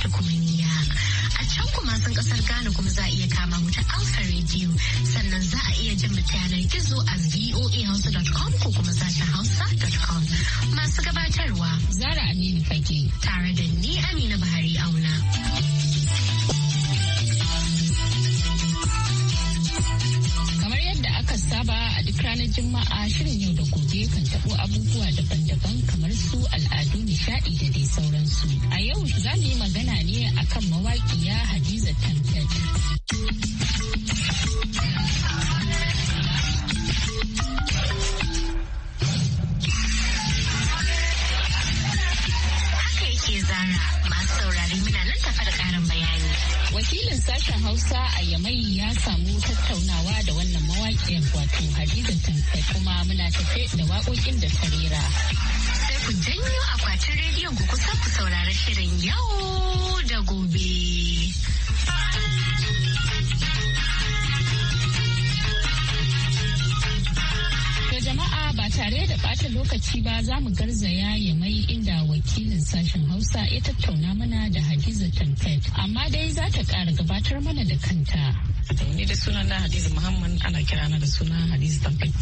Tukuriniya. A can kuma sun kasar Ghana kuma za a iya kama wata ta Alpha Radio sannan za a iya jin mu ta gizo a voahausa.com ko kuma sashen hausa.com. Masu gabatarwa Zara Aminu Fage tare da ni Amina Buhari Auna. saba a duk ranar Juma'a shirin yau da gobe kan tabo abubuwa daban-daban kamar su al'adu nishaɗi da dai sauransu. A yau za mu yi magana ne akan mawaƙiya Hadiza tantan wakilin sashen hausa a yamai ya samu tattaunawa da wannan mawakin wato hadiza tamfai kuma muna tafe da waƙoƙin da tarera sai ku janyo akwatin rediyon ku kusa ku saurari shirin yau da gobe jama'a ba tare da ɓata lokaci ba za mu garzaya ya mai inda wakilin sashen Hausa ya tattauna mana da Hadiza Tamfet. Amma dai za ta ƙara gabatar mana da kanta. Ni da suna na Hadiza Muhammad ana kira na da suna Hadiza Tamfet.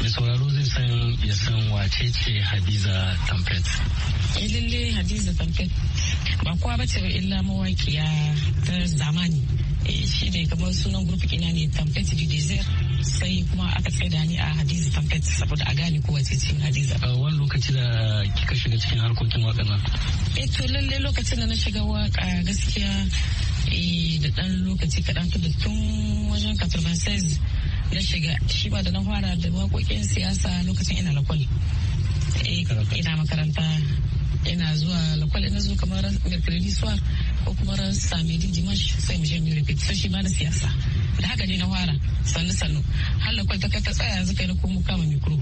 Mai sauraro zai san ya san wace ce Hadiza Tamfet. Eh, Hadiza Tamfet ba kowa bace illa mawaƙiya ta zamani. eh shi ne kamar sunan grup ina ne tempete di desert sai kuma aka tsaida ni a hadiza tempete saboda a gane ko wace ce hadiza a wani lokaci da kika shiga cikin harkokin waƙa nan eh to lalle lokacin da na shiga waƙa gaskiya eh, da ɗan lokaci kaɗan da tun wajen 96 na shiga shi ba da na fara da waƙoƙin siyasa lokacin ina lakwal eh, ina makaranta ina zuwa lakwal ina zuwa kamar mercredi soir ko kuma ran same di dimash sai mu je mu repeat sai shi ma da siyasa da haka ne na fara sannu sannu har da kwalta ta tsaya yanzu kai na kuma kama mikro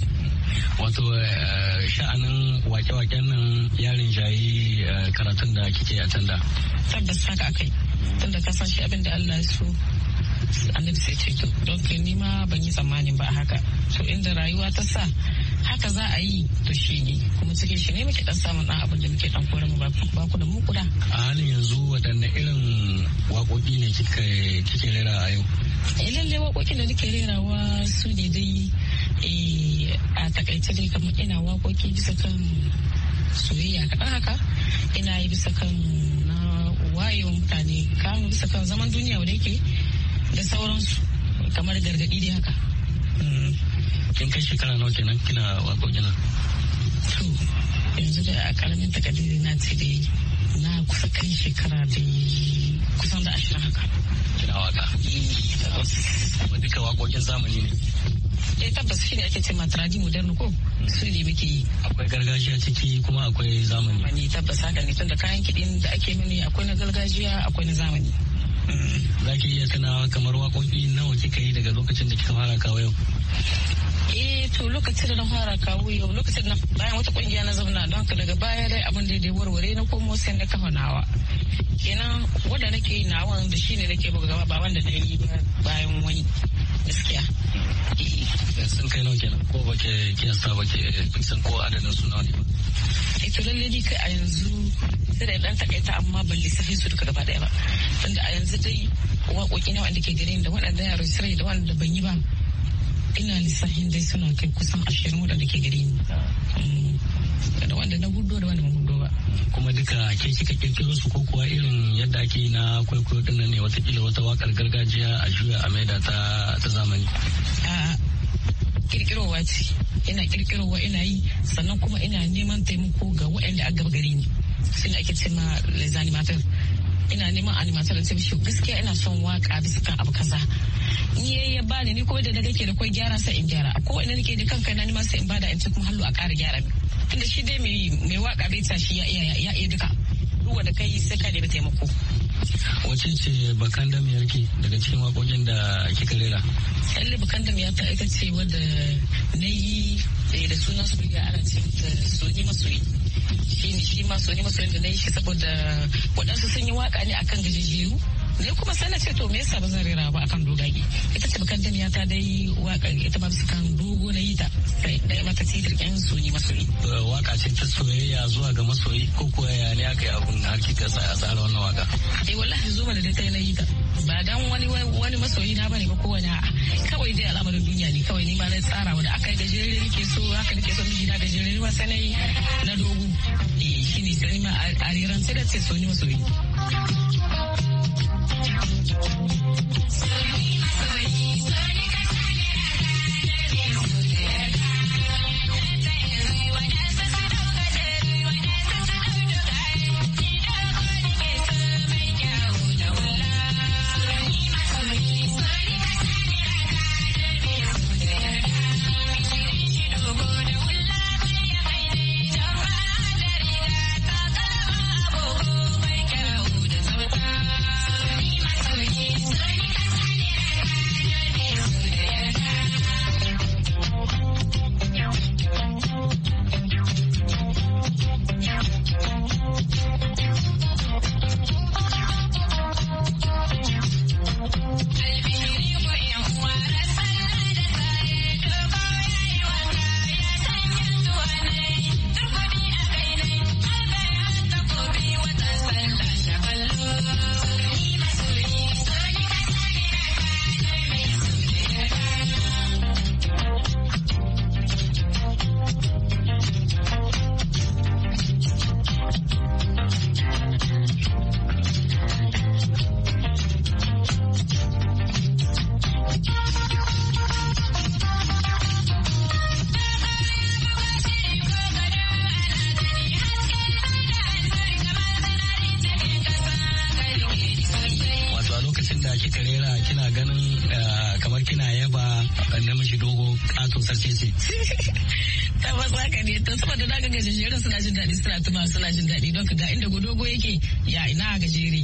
wato eh, sha'anin wake-waken nan yarin jayi eh, karatun da kike a tanda tabbas haka akai tunda ka san shi abin da Allah ya so annabi sai ce to don ni ma ban yi tsammanin ba haka to inda rayuwa ta sa haka za a yi to shi ne kuma cikin shi ne muke dan samun dan abin da muke dan kore mu ba ku da mu kuda a halin yanzu waɗanne irin waƙoƙi ne kika kike rera a yau eh lalle waƙoƙin da nake rerawa su ne dai eh, a takaice dai kamar ina waƙoƙi bisa kan soyayya kaɗan haka ina yi bisa kan na wayewa mutane kamun bisa kan zaman duniya da yake da sauransu kamar gargaɗi dai haka. Mm. Kin kai shekara nawa kenan kina waƙoƙi gina? To yanzu da a ƙaramin takardar na ce dai na kusa kai shekara da kusan da ashirin haka. Kina waka? Eh, kuma duka waƙoƙin zamani ne. Eh tabbas shi ne ake ce ma tradi modern ko mm. su ne muke yi. Akwai gargajiya ciki kuma akwai zamani. Zamani tabbas haka ne tunda kayan kiɗin da ake mini akwai na gargajiya akwai na zamani. za ki iya sanawa kamar waƙoƙi nawa kika yi daga lokacin da kika fara kawo yau eh to lokacin da na fara kawo yau lokacin da bayan wata kungiya na zauna don haka daga baya dai abin da ya warware na komo sai na kafa nawa kenan wanda nake yi nawa da shine nake buga gaba ba wanda na yi bayan wani gaskiya eh. sun kai nawa kenan ko ba ke kiyasta ba ke san ko adadin su nawa ne ba eh to lalle ni kai a yanzu sai da dan takaita amma ban lissafin su duka gaba daya ba tunda a yanzu dai waƙoƙi na wanda ke gare ni da waɗanda yaro sai da wanda ban yi ba ina lissafin dai suna kai kusan ashirin waɗanda ke gare ni mm. da wanda na gudu da wanda ban gudu ba kuma duka ke kika kirkiro su ko kuwa irin yadda ake na kwaikwayo din nan ne watakila wata wakar gargajiya a juya a maida ta ta zamani kirkirowa ce ina kirkirowa ina yi sannan kuma ina neman taimako ga waɗanda a gaba gari ni fim ake ce ma les animateurs ina neman animator ta bishiyu gaskiya ina son waka bisa kan abu kaza ni ya bani ni ko da daga ke da kai gyara sai in gyara ko ina nake da kanka na nima sai in bada in ci kuma hallo a ƙara gyara tunda shi dai mai mai waka bai tashi ya iya ya iya duka ruwa da kai sai ka nemi taimako wace ce bakan da yarki daga cikin wakokin da kika rera lalle bakan da ta ita ce wanda na yi eh, da sunan su ya ana ce ta shi ma soni masoyin da na yi shi saboda waɗansu sun yi waka ne akan gajijiyu ne kuma sai na ce to me yasa ba zan rera ba akan dogage ita ce bakan damiya ta dai waka ita ba su kan dogo na yi ta sai dai mata titir yan soyi masoyi waka ce ta soyayya zuwa ga masoyi ko kuwa ya ne aka yi abun har kika tsaya tsara wannan waka eh wallahi zuwa da dai ta na yi ta ba dan wani wani masoyi na bane ba kowane a'a kawai dai al'amarin duniya ne kawai ni ma na tsara wani aka yi gajere nake so haka nake so miji na gajere ni ma sanai na dogo eh shine sai ma a riran sai da ce so ni masoyi saboda za ka ga gajeren suna jin daɗi suna tuma suna jin daɗi don ka ga inda godogo yake ya ina gajere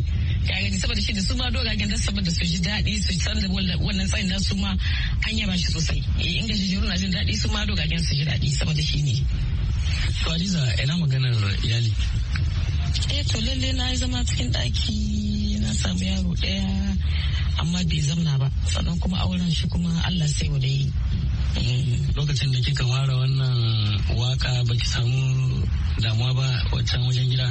ya gani saboda shi da su ma dogagen da saboda su ji daɗi su san da wannan tsayin na su ma an yaba shi sosai eh, in gajejeru na jin daɗi su ma dogagen su ji daɗi saboda shi ne. to Aliza ina maganar iyali. eh to lalle na yi zama cikin ɗaki na samu yaro ɗaya amma bai zamna ba sannan kuma auren shi kuma Allah sai wa da yi. lokacin da kika ware wannan waka baki samu damuwa ba wancan wajen gida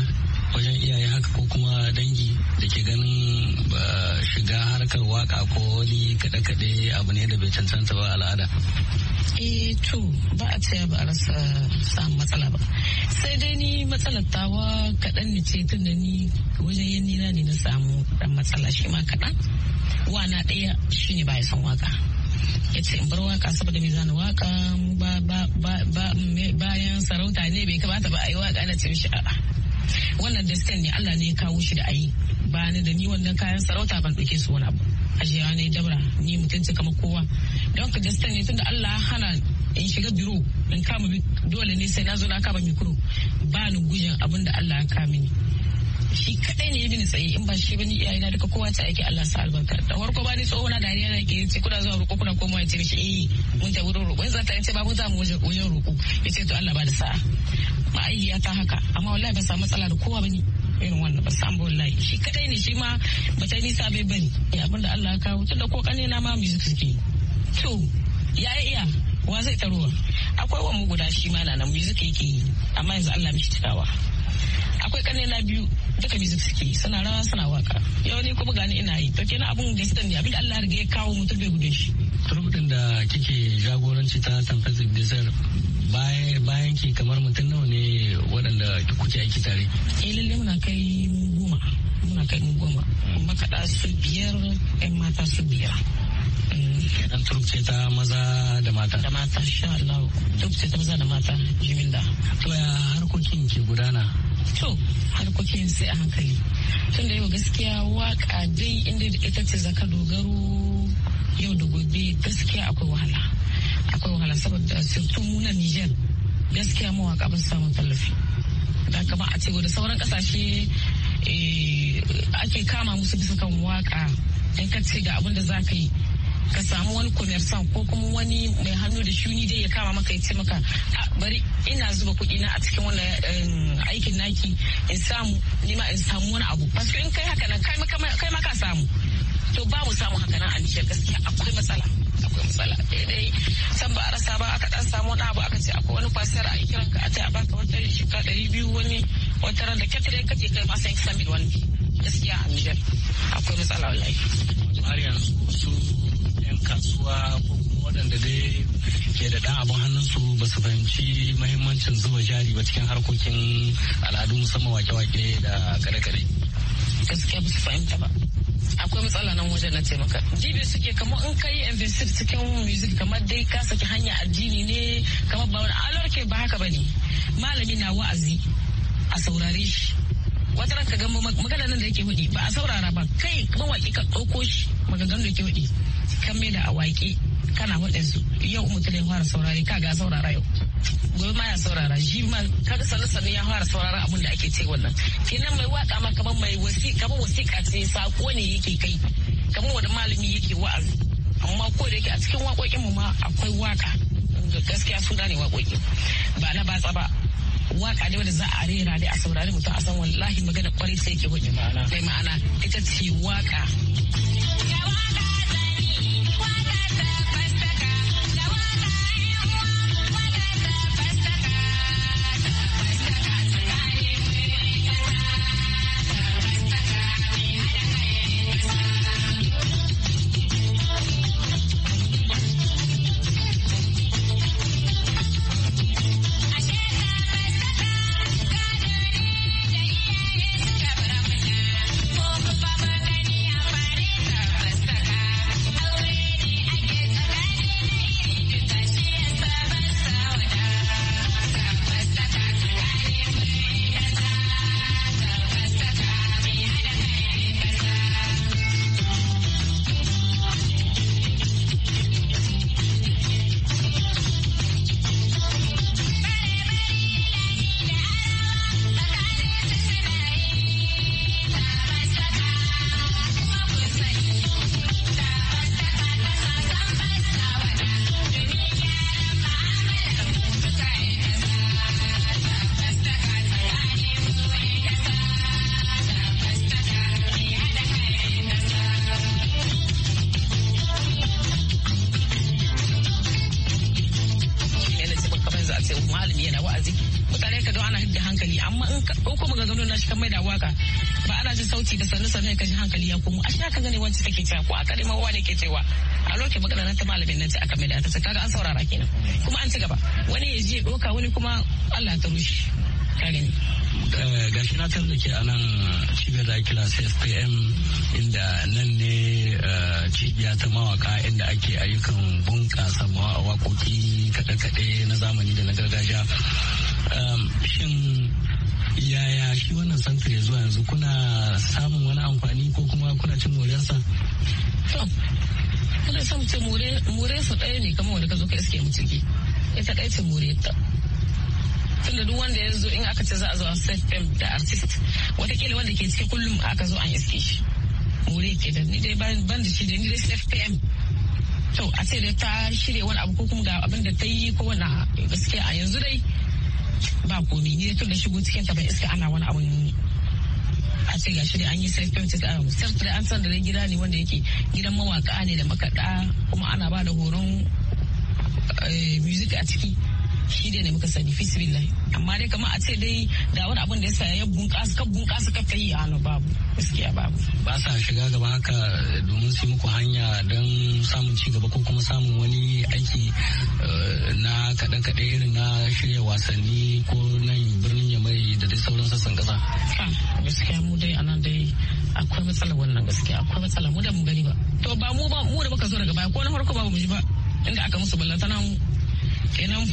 wajen iyaye haka ko kuma dangi da ke ganin shiga harkar waka ko wani kaɗe-kaɗe abu ne da bai cancanta ba al'ada eh to ba a ce ba a rasa samun matsala ba sai dai ni matsalar tawa kaɗan ne ce tun da ni wajen yin nina ne na samu ɗan matsala shi ma kaɗan wana ɗaya shine ba ya son waka ya ce in bar waka saboda me zan waka bayan sarauta ne bai kamata ba a yi waka na ce a'a wannan destin ne Allah ne ya kawo shi da ayi ba ni da ni wannan kayan sarauta ban ɗauke su wani abu ajiya ne dabra ni mutunci kamar kowa don ka destin ne tunda Allah hana in shiga biro in kama dole ne sai na zo na kama mikro ba ni gujin abin da Allah ya kama ni. shi kadai ne ya bini tsaye in ba shi bane iyayena duka kowa ta aiki Allah sa albarka da farko ba ni na dariya na ke ce kuna zuwa roƙo kuna komawa ce shi eh mun ta wurin roƙo in za ta ce ba mun za mu wajen roko ya ce to Allah ba da sa'a ya ta haka amma wallahi ba samu matsala da kowa bane irin wannan ba samu wallahi shi kadai ne shi ma ba ta nisa bai bari abin da Allah ya kawo tunda ko na ma music suke to ya iya wa zai taruwa akwai wa mu guda shi ma na na music yake yi amma yanzu Allah mishi cikawa akwai na biyu duka music suke suna rawa suna waka yau ne kuma gani ina yi to kenan abun da gaskiya ne abin da Allah ya kawo mutum bai gudun shi turub din da kike jagoranci ta San Francisco Desert bayan bayan ki kamar mutum nawa ne waɗanda kuke aiki tare eh lalle muna kai goma muna kai goma makaɗa su biyar ɗan mata su biyar kenan ce ta maza da mata da mata sha Allah ce ta maza da mata jimin da to ya harkokin ke gudana to harkokin sai a hankali tun da yau gaskiya waka dai inda ita ce zaka dogaro yau da gobe gaskiya akwai wahala akwai wahala saboda surtu muna niger gaskiya mawaka ba samun tallafi da kama a ce da sauran kasashe eh, ake kama musu bisa kan waka in ka ce ga abin da za ka yi ka samu wani commerçant ko kuma wani mai hannu da shuni dai ya kama maka ya ce maka ah, bari ina zuba kuɗi na a cikin wannan aikin naki in samu nima in samu wani abu parce in kai haka nan kai ma ka samu to ba mu samu haka nan a Nijar gaskiya akwai matsala akwai matsala daidai eh, san ba a rasa ba aka dan samu wani abu aka ce akwai wani kwasar a kiran ka a ce a baka wata shika ɗari biyu wani wata ran da kyatare kake kai ma san kisan mil wani gaskiya a Nijar akwai matsala wallahi. Har yanzu su kasuwa ko kuma waɗanda dai ke da ɗan abin hannunsu ba su fahimci mahimmancin zuba jari ba cikin harkokin al'adu musamman wake-wake da kare-kare. Gaskiya ba su fahimta ba. akwai matsala nan wajen na taimaka jibi suke kamar in ka yi investir cikin music kamar dai ka saki hanya addini ne kamar ba wani ke ba haka bane malami na wa'azi a saurare shi wata ranka ga magana nan da yake hudi ba a saurara ba kai waƙi ka ɗauko shi magagan da yake hudi kan mai da awaki kana waɗin su yau mutum ya fara saurari ka ga saurara yau gobe ma ya saurara shi ma ka sanu sanu ya fara saurara abin da ake ce wannan kenan mai waka ma kamar mai wasi kamar wasiƙa ce sako ne yake kai kamar wani malami yake wa'azi amma ko da yake a cikin waƙoƙin mu ma akwai waka gaskiya suna ne waƙoƙi ba na ba tsaba waka ne wanda za a rera ne a saurari mutum a san wallahi magana kwarai sai ke wani mai ma'ana ita ce waka talauci da sannu sannu ka ji hankali ya komo a shaka gane wacce take cewa ko a kare ma wani ke cewa a lokacin magana ta malamin nan ta aka mai da ta kaga an saurara kenan kuma an ci gaba wani ya je doka wani kuma Allah ta rushe kare ga shi eh, na tar da ke anan cibiyar da kira fpm inda nan ne eh, cibiya ta mawaka inda ake ayyukan bunƙasa mawaƙoƙi kaɗe-kaɗe na zamani da na gargajiya ehm, shin yaya shi wannan santar ya zuwa yanzu kuna samun wani amfani ko kuma kuna cin moriyarsa kuna samun ce more su ɗaya ne kamar wanda ka zo ka iske mu ciki ta ɗaya ce more ta tunda duk wanda ya zo in aka ce za a zo a self da artist watakila wanda ke cikin kullum aka zo an iske shi more ke da ni dai ban da shi da ni dai self to a ce da ta shirya wani abu ko kuma ga abin da ta yi ko wani gaskiya a yanzu dai ba komi ni tun da shigo cikin ta ban iska ana wani abu a ce gashi da an yi self payment da an san da gida ne wanda yake gidan mawaka ne da makaɗa kuma ana ba da horon eh, music a ciki shi dai ne muka sani fi fisbillah amma dai kamar a ce dai da wani abin da ya saya ya bunƙasa ka bunkasa ka kai a babu gaskiya babu ba sa shiga gaba haka domin su muku hanya don samun ci gaba ko kuma samun wani aiki eh, na kaɗe-kaɗe irin na shirya wasanni ko nan birnin ya mai da dai sauran sassan kasa gaskiya mu dai anan dai akwai matsala wannan gaskiya akwai matsala mu da mu gani ba to ba mu ba mu da muka zo daga baya ko na farko ba mu ji ba inda aka musu ballantana mu kenan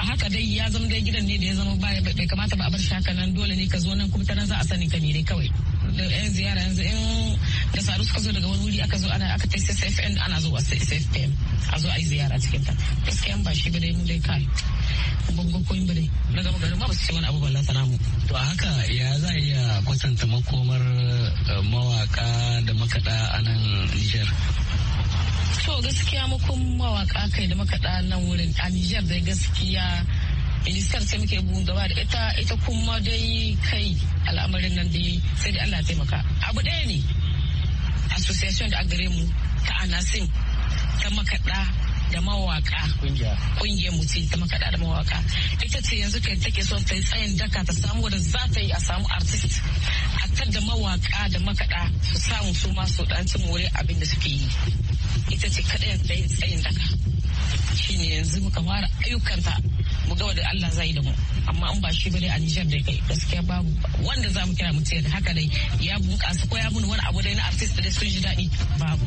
haka dai ya zama dai gidan ne da ya zama bai kamata ba a bar shaka haka nan dole ne ka zo nan kuma tana za a sani ka ne dai kawai da yan ziyara yanzu in da saru suka zo daga wani wuri aka zo ana aka ta SFN ana zo a SFN a zo a yi ziyara cikin ta gaskiya ba shi ba dai mu dai kai bango ko ba dai daga ma ba su ce wani abu ba Allah mu to a haka ya za a iya kwatanta makomar eh, mawaka da makaɗa a nan Niger To gaskiya mu kun mawaka kai da makaɗa nan wurin a Nijar dai gaskiya ministar sai muke bugun gaba da ita ita kuma dai kai al'amarin nan dai sai dai Allah taimaka. Abu ɗaya ne association da agare mu ta anasim ta makaɗa da mawaka kungiyar mu ce ta makaɗa da mawaka ita ce yanzu kai take so ta tsayin daka ta samu da za ta yi a samu artist a tar da mawaka da makaɗa su samu su ma su ɗan more abin da suke yi ita ce kaɗai da yin tsayin daka shine yanzu muka fara ayyukanta mu ga wanda Allah zai da mu amma in ba shi bane a Nijar da kai gaskiya babu wanda za mu kira mu ce haka dai ya bunƙasa ko ya mun wani abu dai na artist da sun ji daɗi babu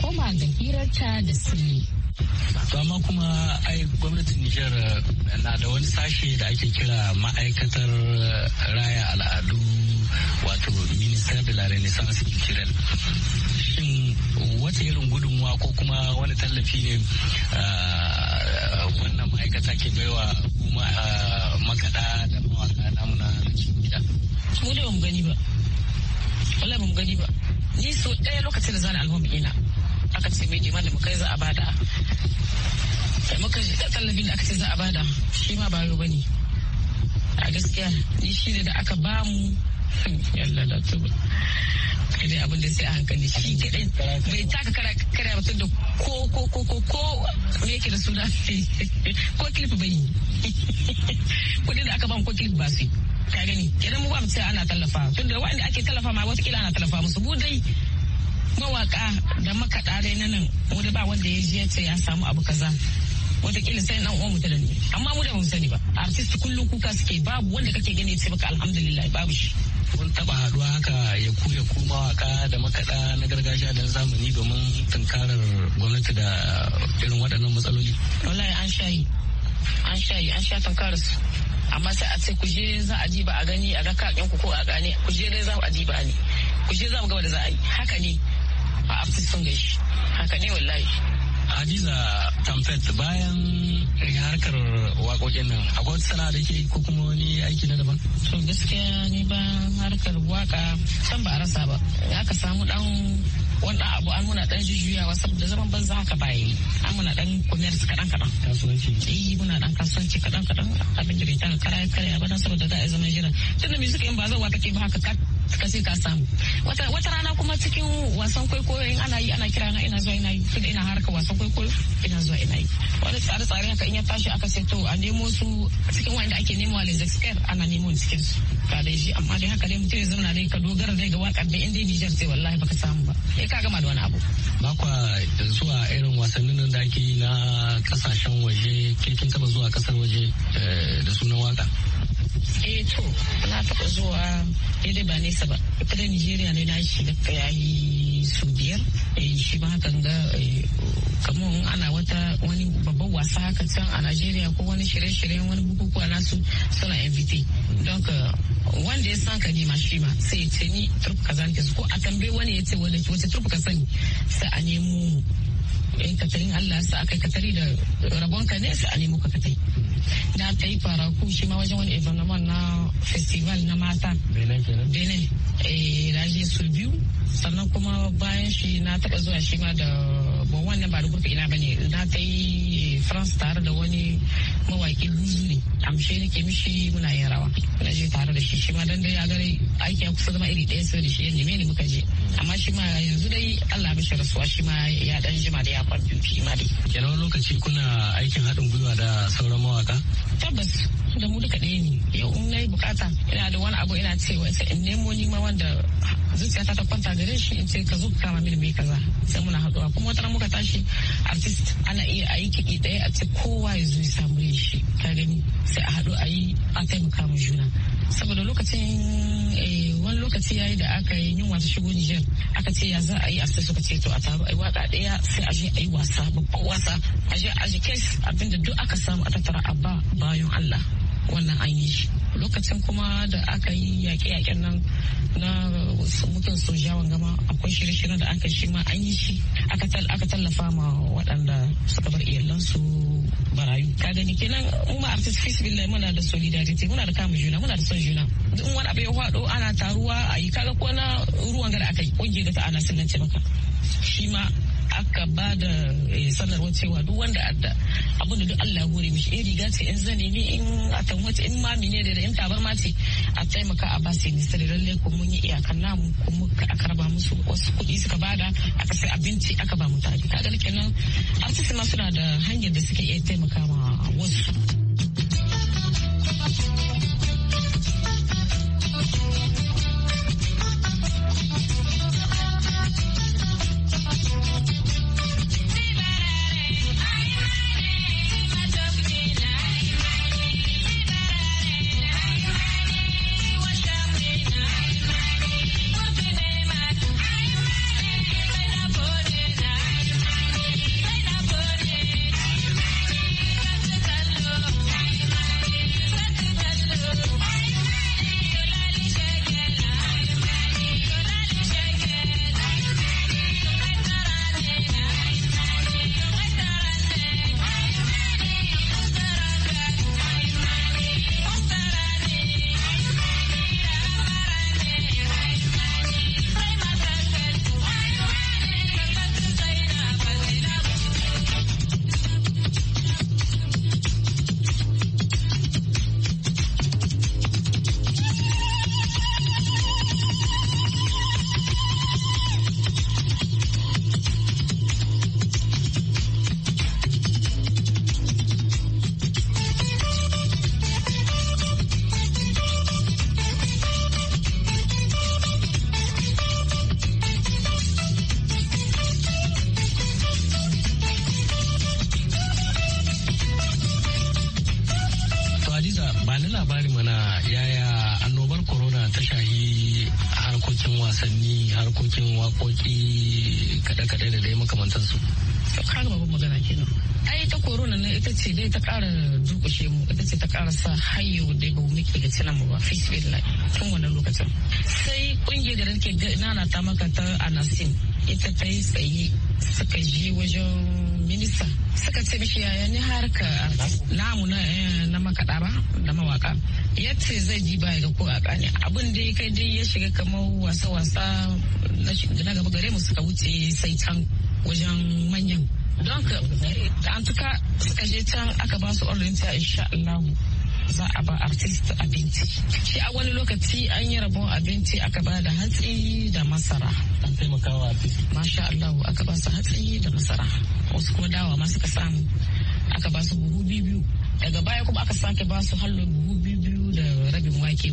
koma ga hirarta da sirri. ma kuma ai gwamnatin Nijar eh, na da wani sashe da ake kira ma'aikatar eh, raya al'adu wato minister de la renaissance culturelle shin wata irin gudunmuwa ko kuma wani tallafi ne eh, wannan ma'aikata ke baiwa kuma makada da mawaka namu na cikin gida mu da ba mu gani ba wala ba mu gani ba ni so ɗaya lokacin da zana album ina aka ce mai malamu kai za a bada da muka shi da aka ce za a bada shi ma ba ba ne a gaskiya ni shi da aka ba mu yalla da tuba kada abin da sai a hankali shi kadai bai taka kara kara mutum da ko ko ko ko ko me yake da suna ko clip bai yi kudin da aka ba mu ko clip ba su ka gani idan mu ba mu ce ana tallafa tun da wa'anda ake tallafa ma wata kila ana tallafa musu budai mawaka da makaɗa dai na nan wani ba wanda ya je ya ce ya samu abu kaza watakila sai nan uwan mutane ne amma mu da mu sani ba artist kullum kuka suke babu wanda kake gani sai baka alhamdulillah babu shi kun taba haduwa haka ya ku ya ku mawaka da makaɗa na gargajiya da zamani domin tunkarar gwamnati da irin waɗannan matsaloli wallahi an shayi an shayi an sha tunkarar su amma sai a ce ku je za a diba a gani a ga kakin ku ko a gane ku je dai za a diba ne ku je za mu gaba da za a yi haka ne a afi sun gaishe haka ne wallahi hadiza tamfet bayan harkar waƙoƙin nan akwai wata sana'a da ke ko kuma wani aiki na daban to gaskiya ni ba harkar waƙa san ba a rasa ba aka samu dan wani abu an muna dan jujjuyawa saboda zaman ban za ka yi an muna dan su kaɗan kaɗan kasuwanci eh muna dan kasuwanci kaɗan kaɗan abin da bai ta karaya karaya ba dan saboda da a zama jira tunda music in ba wata ke ba haka suka ce ka samu wata rana kuma cikin wasan kwaikwayo in ana yi ana kira na ina zuwa ina yi da ina harka wasan kwaikwayo ina zuwa ina yi wani tsare-tsare haka in ya tashi aka ce to a nemo su cikin wanda ake nemo a lezex ana nemo cikin su ka dai shi amma dai haka dai mutum ya zauna dai ka dogara dai ga wakar dai inda Nijar sai wallahi baka samu ba sai ka gama da wani abu ba kwa zuwa irin wasannin da ake yi na kasashen waje ke kin zuwa kasar waje eh, da sunan waka eh to na taɓa zuwa daidai ba nesa ba kudan nigeria ne na shi da yayi su biyar eh, shi ma hakan ga eh, kamar ana wata wani babban wasa haka can a nigeria ko wani shirye-shiryen wani bukukuwa nasu suna invite don ka wanda ya san ka ne ma shi ma sai ya ce ni turku kaza nake ko a tambaye wani ya ce wace turku ka sani sai a nemo mu eh, katarin Allah sa aka katari da rabonka ne sai a nemo ka katai na ta yi faraku shi ma wajen wani evenement na festival na mata benin eh, na je su biyu sannan kuma bayan shi na taba zuwa shi ma da ba wannan ba da gurfi ina bane na ta yi eh, france tare da wani mawaki luzu ne amshe nake mishi muna yin rawa na je tare da shi shi ma dan dai ya gare aiki ya kusa zama iri ɗaya sai da shi ya neme muka je amma shi ma dai Allah rasuwa shi ma ya dan jima da ya kwarfi shi ma dai. Kenan wani lokaci kuna aikin haɗin gwiwa da sauran mawaka? Tabbas da mu duka ɗaya ne yau in na yi bukata ina da wani abu ina cewa sai in nemo ni ma wanda zuciyata ta kwanta gare shi in ce ka zo kama mini mai kaza sai muna haɗuwa kuma wata muka tashi artist ana iya aiki ki ɗaya a ce kowa ya zo ya samu shi ka gani sai a haɗu a yi a taimaka mu juna. saboda lokacin eh, wani lokaci yayi da aka yi yin wasu shigo Nijar aka ce ya za a yi afsa suka ce to a taru ai waka daya sai a je a yi wasa babban wasa a je a je kes abinda duk aka samu a tattara a ba bayan Allah wannan an yi lokacin kuma da aka yi yaƙe-yaƙen nan na mukin sojawan gama akwai shirye-shiryen da aka shi ma an yi shi aka tallafa ma waɗanda suka bar iyalansu barayu ka gani kenan mu ma artist fisbillah muna da solidarity muna da kama juna muna da son juna duk wani abu ya faɗo ana taruwa a yi kaga ko na ruwan gara aka yi ƙungiyar da ta ana ce maka shi ma aka ba da eh, sanarwa cewa duk wanda adda abin da duk Allah gore mishi in riga ce in zani ne in atan wace in mami ne da in ma ce a taimaka a basi basu ministry lalle ko mun yi iyakan namu ko mun aka musu wasu kuɗi suka bada aka sai abinci aka ba mutane kaga kenan artist ma suna da hanyar da suke iya taimaka ma wasu labari mana yaya annobar corona ta shahi harkokin wasanni harkokin wakoki kada-kada da dai makamantansu. Ta kara babban magana kenan ai ta corona ne ita ce dai ta ƙara dukushe mu ita ce ta kara sa hayo da ba mu ke gaci mu ba face tun wannan lokacin sai kungiyar da nake nana ta maka ta anasin ita ta yi tsaye suka je wajen minista suka ce mishi yaya ni harka namu na eh, na makaɗa ba da mawaka yace zai ji ba ga ko a abin da kai dai ya shiga kamar wasa-wasa na gaba gare mu suka wuce sai can wajen manyan don ka an tuka suka je can aka ba su orinta insha Allah za a ba artist abinci shi a wani lokaci an yi rabon abinci aka ba da hatsi da masara an taimaka masha Allah aka ba su hatsi da masara wasu kuma dawa ma suka samu aka ba su buhu biyu daga baya kuma aka sake ba su hallo buhu biyu da rabin wake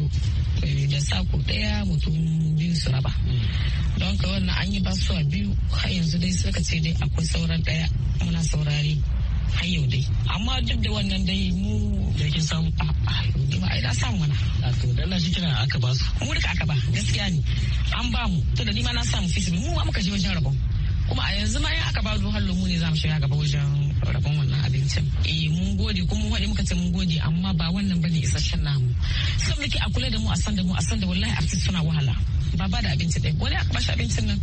eh, da sako daya mutum biyu su raba don ka wannan an yi ba basuwa biyu har yanzu dai suka ce dai akwai sauran daya muna saurare har yau dai amma duk da wannan dai mu da kin samu a ba ai na samu mana a to dalla shi kina aka ba su mu duka aka ba gaskiya ne an ba mu to da nima na samu fisibi mu ma muka shi wajen rabon kuma a yanzu ma in aka ba du hallo mu ne za mu shiga gaba wajen rabon wannan abincin eh mun gode kuma wani muka ce mun gode amma ba wannan bane isasshen namu sun muke a kula da mu a san da mu a san da wallahi artist suna wahala ba ba da abinci ɗaya wani aka shi abincin nan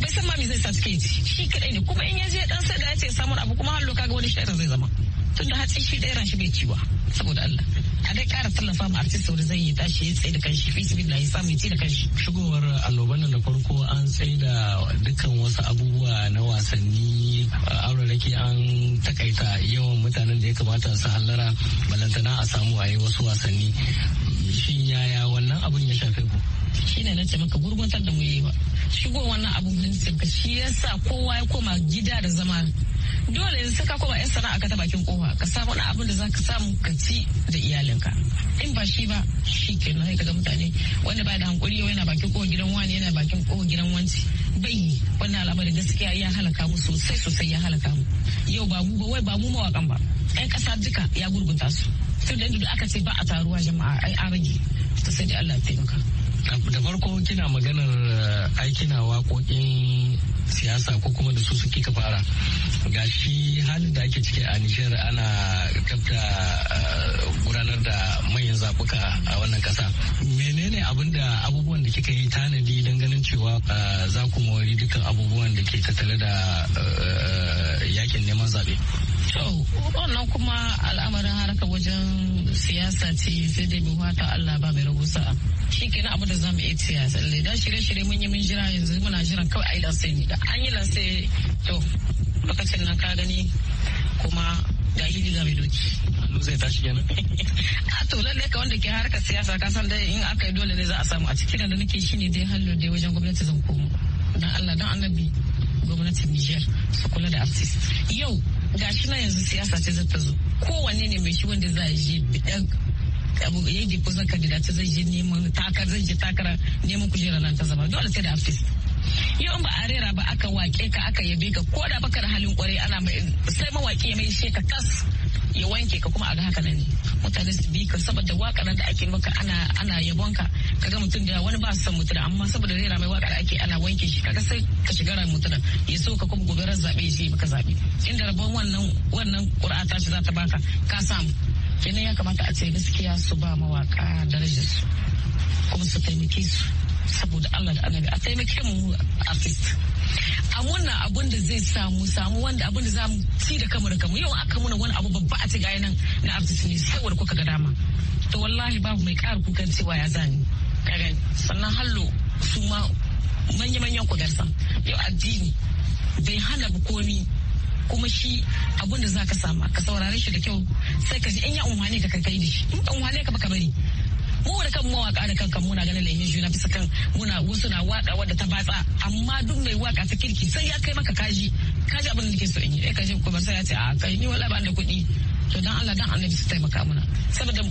bai san ma me zai sa suke shi kadai ne kuma in ya je dan sai da ya ce samun abu kuma har loka ga wani shaidan zai zama tun da hatsi shi ɗaya shi bai ciwa saboda Allah a dai kara tallafa ma artist wanda zai yi tashi ya tsaye da kanshi fi su ya samu ci da kanshi. shigowar annoban nan da farko an tsaye da dukkan wasu abubuwa na wasanni uh, aure ke an takaita yawan mutanen da ya kamata su hallara balantana a samu a yi wasu wasanni shin yaya wannan abun ya shafi ina nace maka gurguntar da mu ba shigo wannan abun hannun ka shi yasa kowa ya koma gida da zama dole in saka koma yan sana'a ka ta bakin kofa ka samu wani abin da zaka samu ka ci da iyalinka in ba shi ba shi ke sai kaga mutane wanda ba da hankuri yau yana bakin kowa gidan wani yana bakin kowa gidan wanci bai yi wannan al'amari gaskiya ya halaka mu sosai sosai ya halaka mu yau ba mu ba wai ba mu mawakan ba yan kasa duka ya gurgunta su tun da aka ce ba a taruwa jama'a ai a rage ta sai da Allah ya taimaka da farko kina maganar eh, aikina waƙoƙin siyasa ko kuma da su suke ka fara ga shi halin da ake ciki a nishiyar ana kafta eh, gudanar da manyan zaɓuka a wannan ƙasa menene abin da abubuwan da kika yi tanadi don ganin cewa eh, za ku mawari dukkan abubuwan da ke tattale da yakin neman zaɓe To, wannan kuma al'amarin harkar wajen siyasa ce sai dai bin wata Allah ba mai rahusa. Shi kenan abu da zamu iya tiya tsalle. Da shirye-shirye mun yi mun jira yanzu muna jiran kawai a yi lansai. Da an yi lansai to lokacin nan ka gani kuma da yi ga mai doki. zai tashi kenan. A to lalle ka wanda ke harkar siyasa ka san dai in aka yi dole ne za a samu a cikin da nake shine dai hallo dai wajen gwamnati zan komo. Dan Allah dan annabi gwamnatin Niger su kula da artist. Yau ga shi na yanzu siyasa ce zata zo kowanne ne mai shi wanda za a je bidan abu ya ji kusan ta zai neman takar zai je takara neman kujera nan ta zama dole sai da afis yau ba a rera ba aka wake ka aka yabe ka ko da baka da halin kwarai ana sai mawaki ya mai ka tas ya wanke ka kuma a ga haka nan mutane su bi ka saboda waka da ake maka ana ana yabon ka kaga mutum da wani ba su san mutum amma saboda rera mai waka da ake ana wanke shi kaga sai ka shiga ran mutum ya so ka kuma gobe ran zabe shi baka zabe inda rabon wannan wannan qur'a ta shi za ta baka ka samu kenan ya kamata a ce gaskiya su ba mawaka darajar su kuma su taimake su saboda Allah da annabi a taimake mu artist a wannan abun da zai samu samu wanda abun da za mu ci da kamar kamu yau aka muna wani abu babba a ci gayanan nan na artist ne sai kuka ga dama to wallahi babu mai kara kukan cewa ya zani karen sannan hallo su ma manya-manyan kudarsa yau addini bai hana komi kuma shi abun da za ka sama ka saurare shi da kyau sai ka ji in ya umarni ka kai da shi in umarni ka baka bari mu da kan mawaka da kanka muna ganin laifin juna bisa kan muna wasu na waka wadda ta batsa amma duk mai waka ta kirki sai ya kai maka kaji kaji abin da nake so in yi kai eh, kaji kuma sai ya ce a ah, kai ni wala ba da kuɗi to dan Allah dan annabi su taimaka mana saboda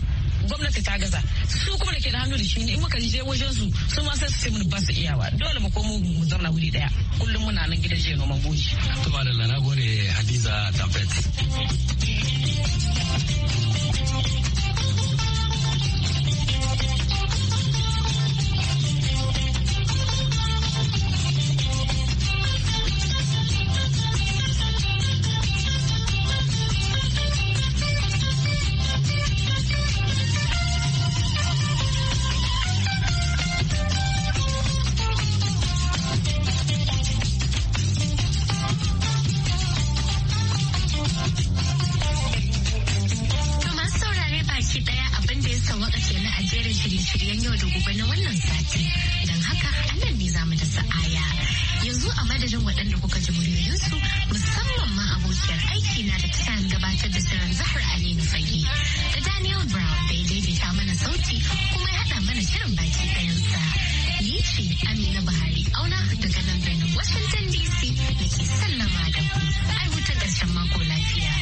gwamnati ta gaza su kuma da ke da hannu da shi ne in muka je wajen su su ma sai su sai mun ba su iyawa dole mu komo mu zauna wuri daya kullum muna nan gidan jiya noman goji. to malalla na gode hadiza tafet. wannan sati don haka nan ne zamu da sa'aya yanzu a madadin waɗanda kuka ji muryoyinsu musamman ma abokiyar aiki na da ta gabatar da shirin zahar aminu fage da daniel brown da ya daidaita mana sauti kuma ya haɗa mana shirin baki ɗayansa ni ce amina buhari auna daga nan birnin washington dc da ke sallama da ku ai wuta ƙarshen mako lafiya.